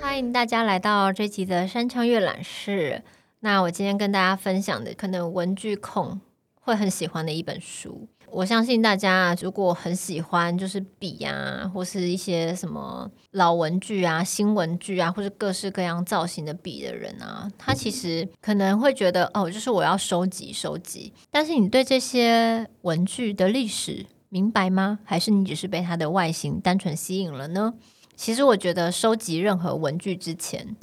歡迎大家來到這集的山羌閱覽室。那我今天跟大家分享的，可能文具控會很喜歡的一本書。我相信大家，如果很喜歡就是筆啊，或是一些什麼老文具啊、新文具啊，或者各式各樣造型的筆的人啊，他其實可能會覺得哦，就是我要收集收集。但是你對這些文具的歷史明白嗎？還是你只是被它的外形單純吸引了呢？其實我覺得，收集任何文具之前，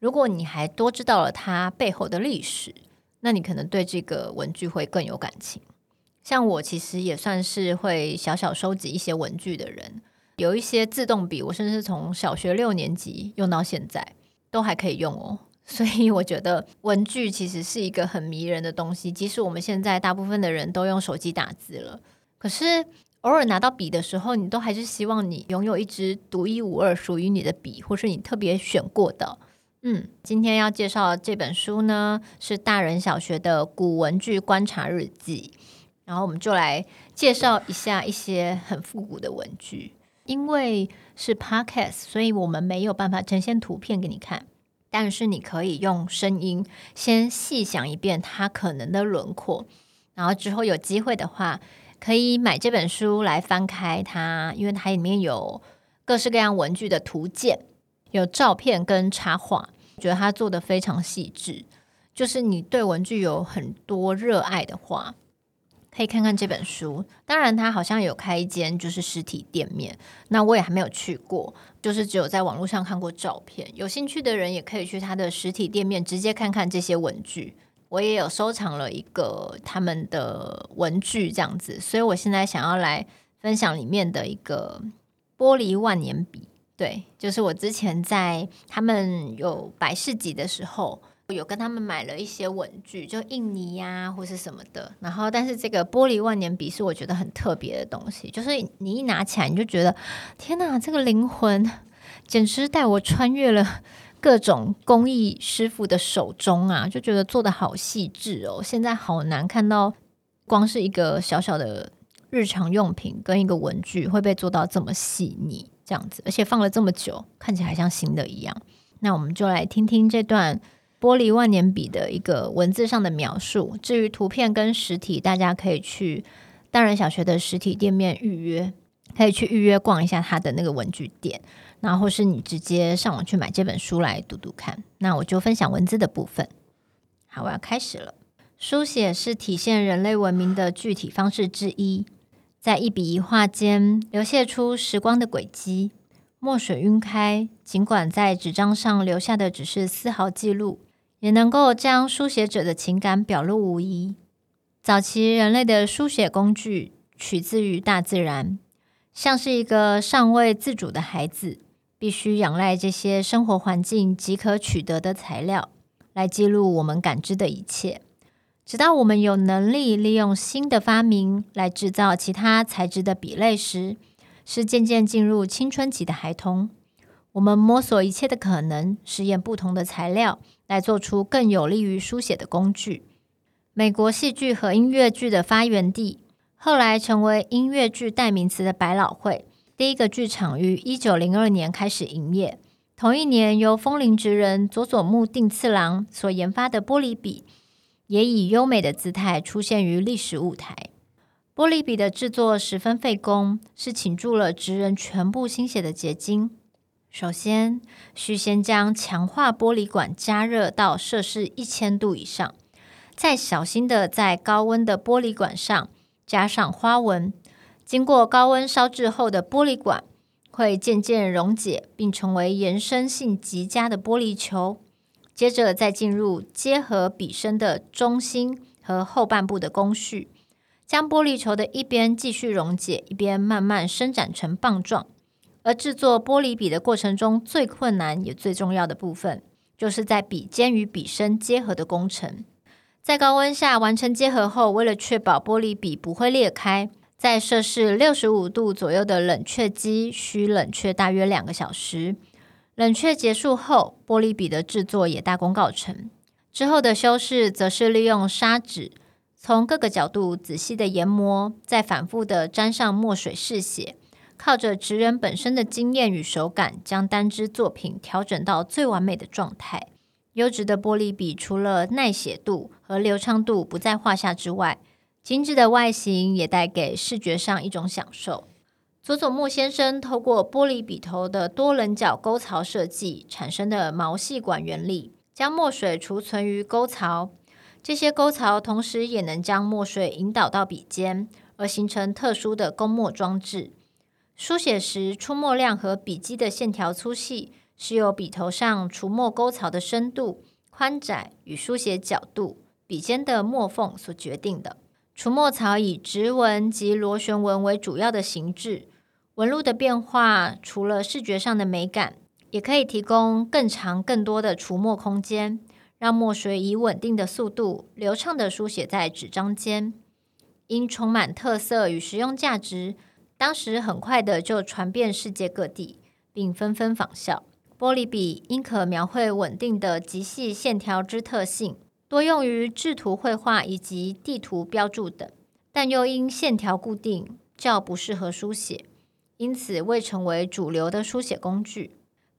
如果你還多知道了它背後的歷史，那你可能對這個文具會更有感情。像我其實也算是會小小收集一些文具的人，有一些自動筆，我甚至從小學六年級用到現在，都還可以用哦。所以我覺得文具其實是一個很迷人的東西，即使我們現在大部分的人都用手機打字了，可是偶爾拿到筆的時候，你都還是希望你擁有一支獨一無二、屬於你的筆，或是你特別選過的。嗯，今天要介紹這本書呢，是大人小學的古文具觀察日記。然後我們就來介紹一下一些很復古的文具，因為是 podcast，所以我們沒有辦法呈現圖片給你看。但是你可以用聲音先細想一遍它可能的輪廓，然後之後有機會的話，可以買這本書來翻開它，因為它裡面有各式各樣文具的圖鑑，有照片跟插畫，覺得它做的非常細緻。就是你對文具有很多熱愛的話，可以看看這本書，當然他好像有開一間就是實體店面，那我也還沒有去過，就是只有在網路上看過照片。有興趣的人也可以去他的實體店面直接看看這些文具。我也有收藏了一個他們的文具這樣子，所以我現在想要來分享裡面的一個玻璃萬年筆。對，就是我之前在他們有擺市集的時候。我有跟他們買了一些文具，就印泥呀、啊，或是什麼的。然後，但是這個玻璃萬年筆是我覺得很特別的東西，就是你一拿起來，你就覺得天哪，這個靈魂簡直帶我穿越了各種工藝師傅的手中啊，就覺得做得好細緻哦。現在好難看到，光是一個小小的日常用品跟一個文具會被做到這麼細膩這樣子，而且放了這麼久，看起來還像新的一樣。那我們就來聽聽這段。玻璃萬年筆的一個文字上的描述，至於圖片跟實體，大家可以去大人小學的實體店面預約，可以去預約逛一下他的那個文具店，然後是你直接上網去買這本書來讀讀看。那我就分享文字的部分。好，我要開始了。書寫是體現人類文明的具體方式之一，在一筆一畫間流瀉出時光的軌跡，墨水暈開，儘管在紙張上留下的只是絲毫記錄。也能夠將書寫者的情感表露無遺。早期人類的書寫工具取自於大自然，像是一個尚未自主的孩子，必須仰賴這些生活環境即可取得的材料，來記錄我們感知的一切。直到我們有能力利用新的發明來製造其他材質的筆類時，是漸漸進入青春期的孩童。我們摸索一切的可能，實驗不同的材料，來做出更有利於書寫的工具。美國戲劇和音樂劇的發源地，後來成為音樂劇代名詞的百老匯，第一個劇場於一九零二年開始營業。同一年，由風鈴職人佐佐木定次郎所研發的玻璃筆，也以優美的姿態出現於歷史舞台。玻璃筆的制作十分費工，是傾注了職人全部心血的結晶。首先，需先將強化玻璃管加熱到攝氏一千度以上，再小心的在高溫的玻璃管上加上花紋。經過高溫燒制後的玻璃管會漸漸溶解，並成為延伸性極佳的玻璃球。接着，再進入結合筆身的中心和後半部的工序，將玻璃球的一邊繼續溶解，一邊慢慢伸展成棒狀。而製作玻璃筆的過程中，最困難也最重要的部分，就是在筆尖與筆身結合的工程。在高溫下完成結合後，為了確保玻璃筆不會裂開，在攝氏六十五度左右的冷卻機需冷卻大約兩個小時。冷卻結束後，玻璃筆的製作也大功告成。之後的修飾，則是利用砂紙從各個角度仔細的研磨，再反復的沾上墨水試寫。靠着職人本身的經驗與手感，將單支作品調整到最完美的狀態。優質的玻璃筆除了耐寫度和流暢度不在話下之外，精致的外形也帶給視覺上一種享受。佐佐木先生透過玻璃筆頭的多稜角溝槽設計產生的毛細管原理，將墨水儲存於溝槽，這些溝槽同時也能將墨水引導到筆尖，而形成特殊的供墨裝置。書寫時出墨量和筆跡的線條粗細是由筆頭上除墨溝槽的深度、寬窄與書寫角度、筆尖的墨縫所決定的。除墨槽以直紋及螺旋紋為主要的形制，紋路的變化除了視覺上的美感，也可以提供更長更多的除墨空間，讓墨水以穩定的速度、流暢地書寫在紙張間，因充滿特色與實用價值。當時很快的就傳遍世界各地，並紛紛仿效。玻璃筆因可描繪穩定的極細線條之特性，多用於製圖、繪畫以及地圖標注等，但又因線條固定，較不適合書寫，因此未成為主流的書寫工具。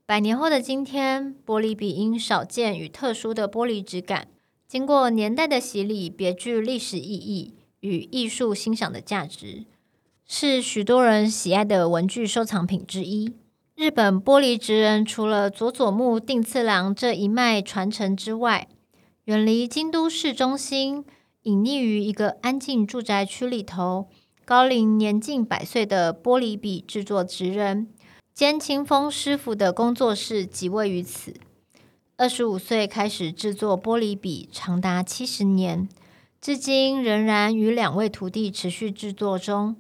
百年後的今天，玻璃筆因少見與特殊的玻璃質感，經過年代的洗禮，別具歷史意義與藝術欣賞的價值。是許多人喜愛的文具收藏品之一。日本玻璃職人除了佐佐木定次郎這一脈傳承之外，遠離京都市中心，隱匿於一個安靜住宅區裡頭。高齡年近百歲的玻璃筆制作職人兼清風師傅的工作室即位於此。二十五歲開始制作玻璃筆，長達七十年，至今仍然與兩位徒弟持續制作中。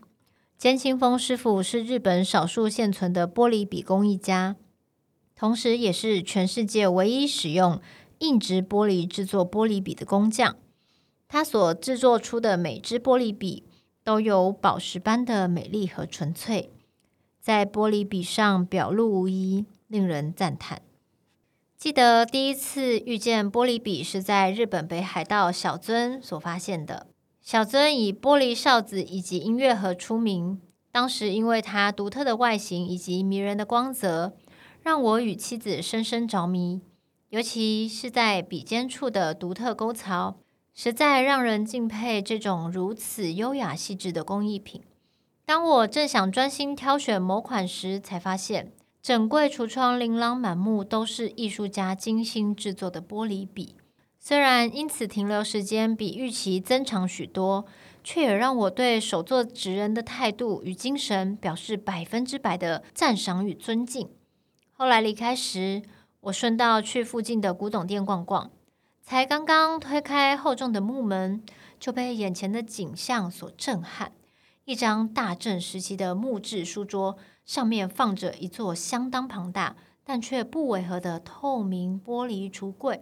菅清風師傅是日本少數現存的玻璃筆工藝家，同時也是全世界唯一使用硬質玻璃制作玻璃筆的工匠。他所制作出的每支玻璃筆都有寶石般的美麗和純粹，在玻璃筆上表露無遺，令人讚嘆。記得第一次遇見玻璃筆是在日本北海道小樽所發現的。小尊以玻璃哨子以及音樂盒出名。當時，因為它獨特的外形以及迷人的光澤，讓我與妻子深深着迷。尤其是在筆尖處的獨特溝槽，實在讓人敬佩這種如此優雅細緻的工藝品。當我正想專心挑選某款時，才發現整櫃櫥窗琳琅滿目，都是藝術家精心製作的玻璃筆。雖然因此停留時間比預期增長許多，卻也讓我對手作職人的態度與精神表示百分之百的讚賞與尊敬。後來離開時，我順道去附近的古董店逛逛，才剛剛推開厚重的木門，就被眼前的景象所震撼。一張大正時期的木質書桌，上面放着一座相當龐大但卻不違和的透明玻璃櫥櫃。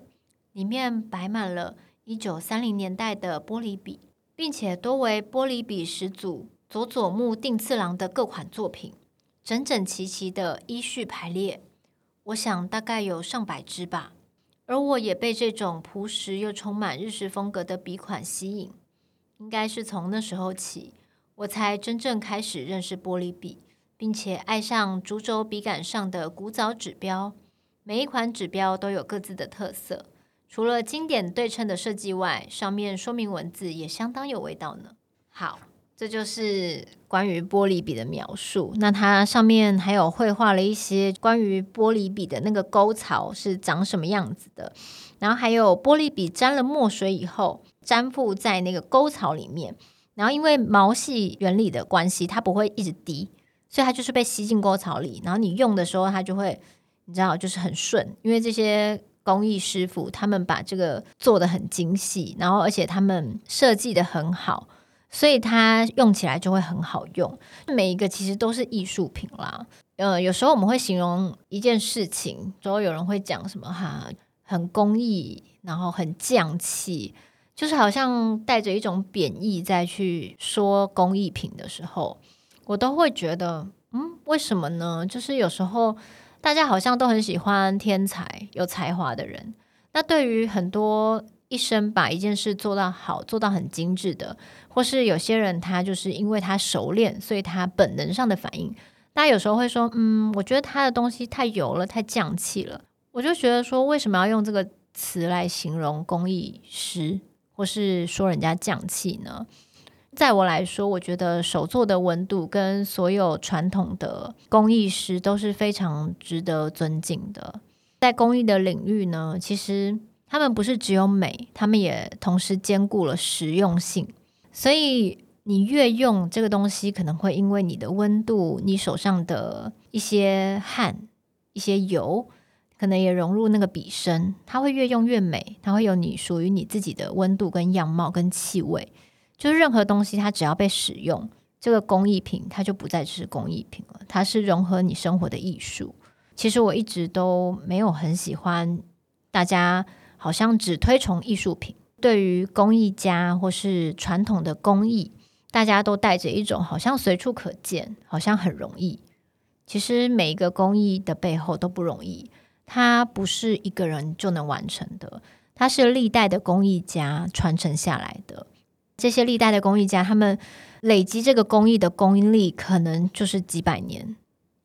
裡面擺滿了1930年代的玻璃筆，並且多為玻璃筆始祖佐佐木定次郎的各款作品，整整齊齊的依序排列。我想大概有上百支吧。而我也被這種樸實又充滿日式風格的筆款吸引，應該是從那時候起，我才真正開始認識玻璃筆，並且愛上竹軸筆桿上的古早指標，每一款指標都有各自的特色。除了經典對稱的設計外，上面說明文字也相當有味道呢。好，這就是關於玻璃筆的描述。那它上面還有繪畫了一些關於玻璃筆的那個溝槽是長什麼樣子的。然後還有玻璃筆沾了墨水以後，粘附在那個溝槽裡面。然後因為毛細原理的關係，它不會一直滴，所以它就是被吸進溝槽裡。然後你用的時候，它就會，你知道，就是很順，因為這些。工藝師傅他們把這個做得很精細，然後而且他們設計得很好，所以它用起來就會很好用。每一個其實都是藝術品啦。呃，有時候我們會形容一件事情，總會有人會講什麼哈，很工藝，然後很匠氣，就是好像帶着一種貶義再去說工藝品的時候，我都會覺得，嗯，為什麼呢？就是有時候。大家好像都很喜歡天才、有才華的人。那對於很多一生把一件事做到好、做到很精緻的，或是有些人他就是因為他熟練，所以他本能上的反應，大家有時候會說：“嗯，我覺得他的東西太油了，太匠氣了。”我就覺得說，為什麼要用這個詞來形容工藝師，或是說人家匠氣呢？在我來說，我覺得手作的溫度跟所有傳統的工藝師都是非常值得尊敬的。在工藝的領域呢，其實他們不是只有美，他們也同時兼顧了實用性。所以你越用這個東西，可能會因為你的溫度，你手上的一些汗、一些油，可能也融入那個筆身，它會越用越美，它會有你屬於你自己的溫度、跟樣貌、跟氣味。就是任何東西，它只要被使用，這個工藝品它就不再只是工藝品了，它是融合你生活的藝術。其實我一直都沒有很喜歡大家好像只推崇藝術品，對於工藝家或是傳統的工藝，大家都帶着一種好像隨處可見，好像很容易。其實每一個工藝的背後都不容易，它不是一個人就能完成的，它是歷代的工藝家傳承下來的。這些歷代的工藝家，他們累積這個工藝的功力，可能就是幾百年，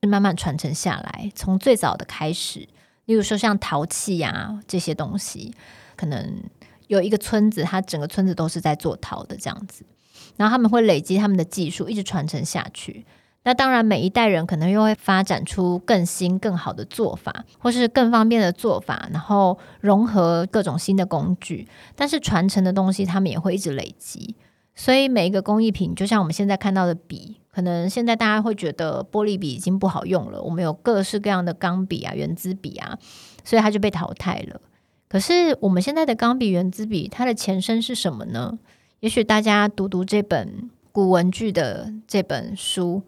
是慢慢傳承下來。從最早的開始，例如說像陶器呀這些東西，可能有一個村子，它整個村子都是在做陶的這樣子，然後他們會累積他們的技術，一直傳承下去。那當然，每一代人可能又會發展出更新、更好的做法，或是更方便的做法，然後融合各種新的工具。但是，傳承的東西他們也會一直累積。所以，每一個工藝品，就像我們現在看到的筆，可能現在大家會覺得玻璃筆已經不好用了，我們有各式各樣的鋼筆啊、原子筆啊，所以它就被淘汰了。可是，我們現在的鋼筆、原子筆，它的前身是什麼呢？也許大家讀讀這本古文具的這本書。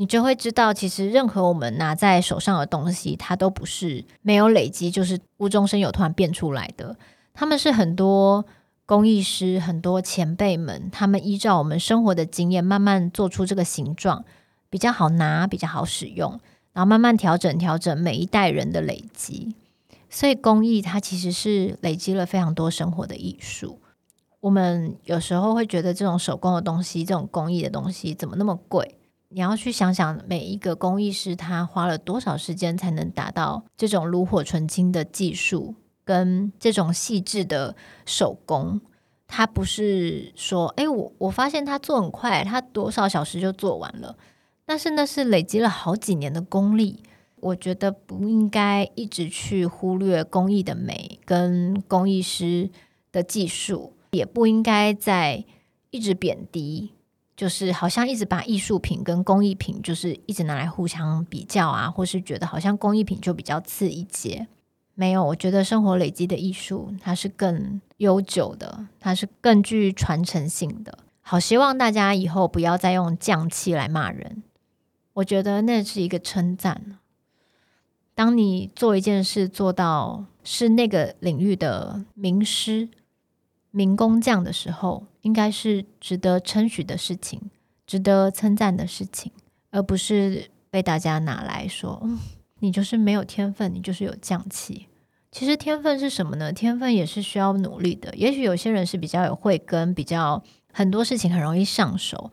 你就會知道，其實任何我們拿在手上的東西，它都不是沒有累積，就是無中生有突然變出來的。他們是很多工藝師、很多前輩們，他們依照我們生活的經驗，慢慢做出這個形狀，比較好拿，比較好使用，然後慢慢調整、調整，每一代人的累積。所以工藝它其實是累積了非常多生活的藝術。我們有時候會覺得，這種手工的東西，這種工藝的東西，怎麼那麼貴？你要去想想每一個工藝師，他花了多少時間才能達到這種爐火純青的技術跟這種細緻的手工？他不是說，誒、欸，我我發現他做很快，他多少小時就做完了。但是那是累積了好幾年的功力。我覺得不應該一直去忽略工藝的美跟工藝師的技術，也不應該再一直貶低。就是好像一直把藝術品跟工藝品，就是一直拿來互相比較啊，或是覺得好像工藝品就比較次一截。沒有，我覺得生活累積的藝術，它是更悠久的，它是更具傳承性的。好，希望大家以後不要再用匠氣來罵人，我覺得那是一個稱讚。當你做一件事做到是那個領域的名師，民工匠的時候，應該是值得稱許的事情，值得稱讚的事情，而不是被大家拿來說，嗯，你就是沒有天分，你就是有匠氣。其實天分是什麼呢？天分也是需要努力的。也許有些人是比較有慧根，比較很多事情很容易上手。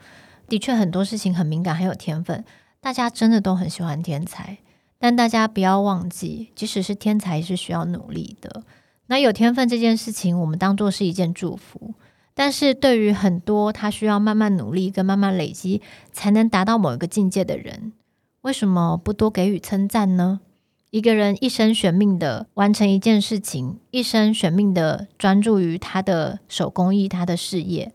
的確，很多事情很敏感，很有天分，大家真的都很喜歡天才。但大家不要忘記，即使是天才，也是需要努力的。那有天分這件事情，我們當做是一件祝福，但是對於很多他需要慢慢努力跟慢慢累積才能達到某一個境界的人，為什麼不多給予稱讚呢？一個人一生懸命的完成一件事情，一生懸命的專注於他的手工藝、他的事業，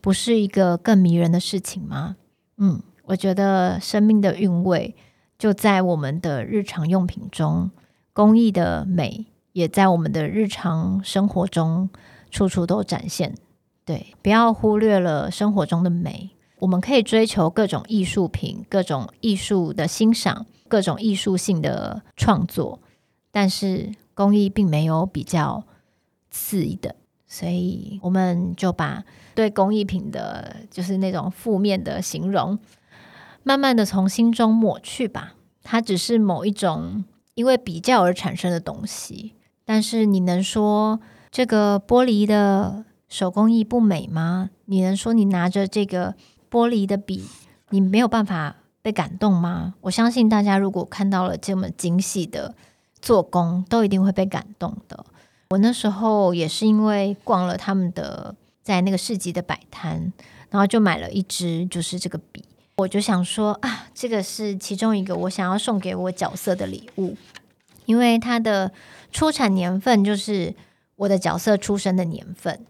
不是一個更迷人的事情嗎？嗯，我覺得生命的韻味就在我們的日常用品中，工藝的美。也在我們的日常生活中處處都展現。對，不要忽略了生活中的美。我們可以追求各種藝術品、各種藝術的欣賞、各種藝術性的創作，但是工藝並沒有比較次一等，所以我們就把對工藝品的，就是那種負面的形容，慢慢的從心中抹去吧。它只是某一種因為比較而產生的東西。但是你能說這個玻璃的手工藝不美嗎？你能說，你拿着這個玻璃的筆，你沒有辦法被感動嗎？我相信大家如果看到了這麼精細的做工，都一定會被感動的。我那時候也是因為逛了他們的在那個市集的擺攤，然後就買了一支，就是這個筆。我就想說啊，這個是其中一個我想要送給我角色的禮物。因為他的出產年份就是我的角色出生的年份，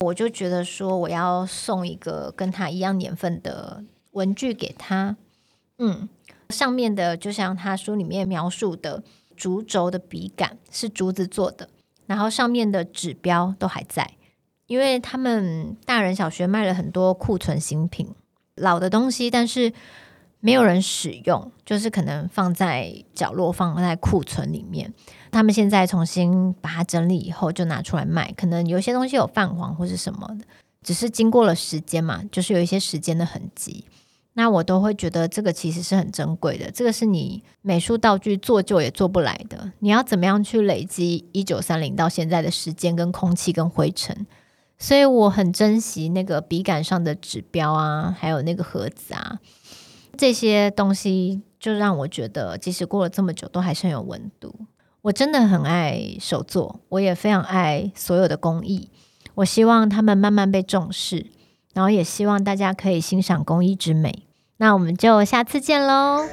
我就覺得說我要送一個跟他一樣年份的文具給他。嗯，上面的就像他書裡面描述的，竹軸的筆桿是竹子做的，然後上面的指標都還在，因為他們大人小學賣了很多庫存新品、老的東西，但是。沒有人使用，就是可能放在角落，放在庫存裡面。他們現在重新把它整理以後，就拿出來賣。可能有些東西有泛黃或者什麼的，只是經過了時間嘛，就是有一些時間的痕跡。那我都會覺得這個其實是很珍貴的，這個是你美術道具做舊也做不來的。你要怎麼樣去累積一九三零到現在的時間、跟空氣、跟灰塵？所以我很珍惜那個筆桿上的指標啊，還有那個盒子啊。這些東西就讓我覺得，即使過了這麼久，都還是很有溫度。我真的很愛手作，我也非常愛所有的工藝。我希望他們慢慢被重視，然後也希望大家可以欣賞工藝之美。那我們就下次見嘍。